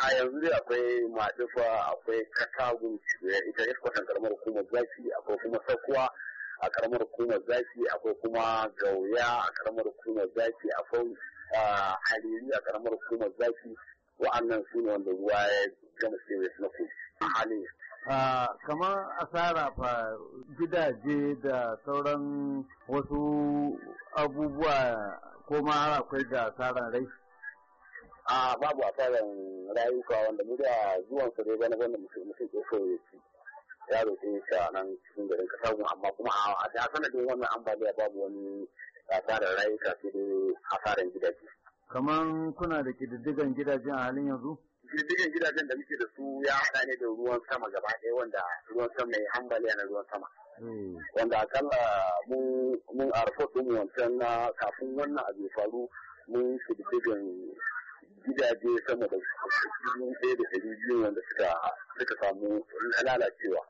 a yanzu dai akwai maɗufa akwai katagun ita ya kwatan karamar hukumar zafi akwai kuma sakuwa a karamar hukumar zafi akwai kuma gauya a karamar hukumar zafi akwai hariri a karamar hukumar zafi wa'annan su ne wanda ruwa ya gama sai na kogi a kamar asara fa gidaje da sauran wasu abubuwa ko ma akwai da asaran rai a babu asarar rayuka wanda mu da zuwan su dai bana wanda mutum ke so ya ci ya roƙe shi a nan cikin garin samu amma kuma a da sanadin wannan ambaliya babu wani asarar rayuka sai dai asarar gidaje kaman kuna da kididdigan gidajen a halin yanzu kididdigan gidajen da muke da su ya hada ne da ruwan sama gaba ɗaya wanda ruwan sama ya ambaliya na ruwan sama eh. wanda akalla mun a rafot ɗin wancan na kafin wannan abu faru mun kididdigan gidaje sama da dubu ɗaya da ɗari biyu wanda suka suka samu lalacewa.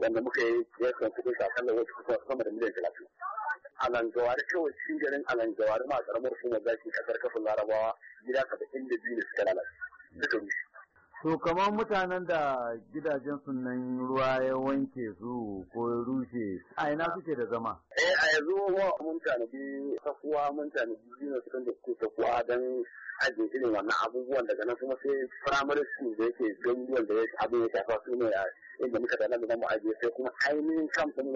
Wanda muka yi yakan kuɗin da wasu kusan sama da miliyan talatin. Alangawari kawai cikin garin Alangawari ma a ƙaramar hukumar zaki ƙasar kafin Larabawa gida saba'in da biyu da suka lalace. Suka rushe. To kamar mutanen da gidajen nan ruwa ya wanke su ko rushe a ina suke da zama? Eh a yanzu mun tanadi takuwa mun tanadi biyu sukan da suke takuwa don ajiye irin wannan abubuwan daga nan kuma sai primary school da yake ganguwan da abin ya shafa su ne a inda muka da da mu ajiye sai kuma ainihin kamfanin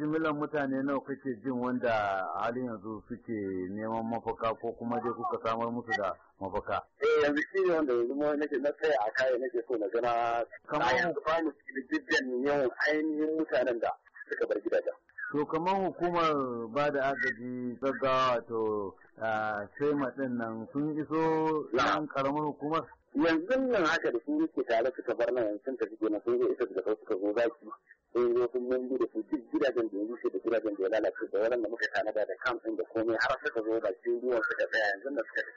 jimillan mutane nawa kake jin wanda halin yanzu suke neman mafaka ko kuma dai kuka samar musu da mafaka eh yanzu shi ne wanda yanzu mai nake na tsaya a kayan nake so na gana kamar yanzu ba mu cikin yawan ainihin mutanen da suka bar gidajen Shugaban hukumar ba da agaji gaggawa to sai matsin nan sun iso yan karamar hukumar? Yanzu nan haka da sun yake tare suka bar nan yanzu ta suke na sun zo isa da suka zo zaki sun zo sun mambu da su duk gidajen da rushe da gidajen da ya lalace da waɗanda muka tana da kamfin da komai har suka zo bakin ruwan suka tsaya yanzu da suka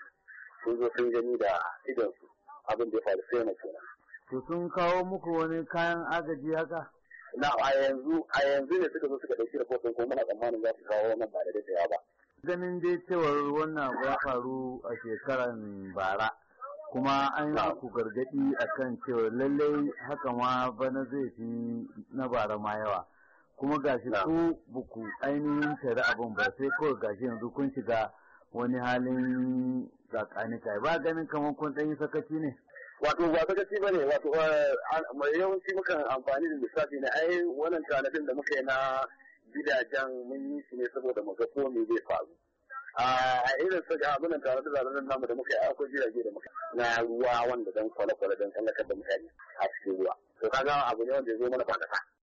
sun zo sun gani da idonsu abin da ya faru sai na kenan. To sun kawo muku wani kayan agaji haka? na a yanzu a yanzu ne suka zo suka da rahoton ko muna tsammanin za su kawo wannan ba da daɗewa ba. ganin dai cewar wannan abu ya faru a shekaran bara kuma an yi ku gargaɗi a kan cewa lallai haka ma bana zai fi na bara ma yawa kuma gashi ku buku ainihin tare abin ba sai kawai gashi yanzu kun shiga wani halin tsakanin kai ba ganin kamar kun ɗan sakaci ne. wato ba ta ba ne wato eh, mai yawanci mukan amfani da lissafi ne ai wannan tanadin da muka yi na gidajen mun yi shi ne saboda mu ga ko me zai faru a irin su ga abunan tare da zarurin namu da muka yi akwai jirage da muka na ruwa wanda dan kwale-kwale dan tsallakar da mutane a cikin ruwa to kaga abu ne wanda ya zo mana ba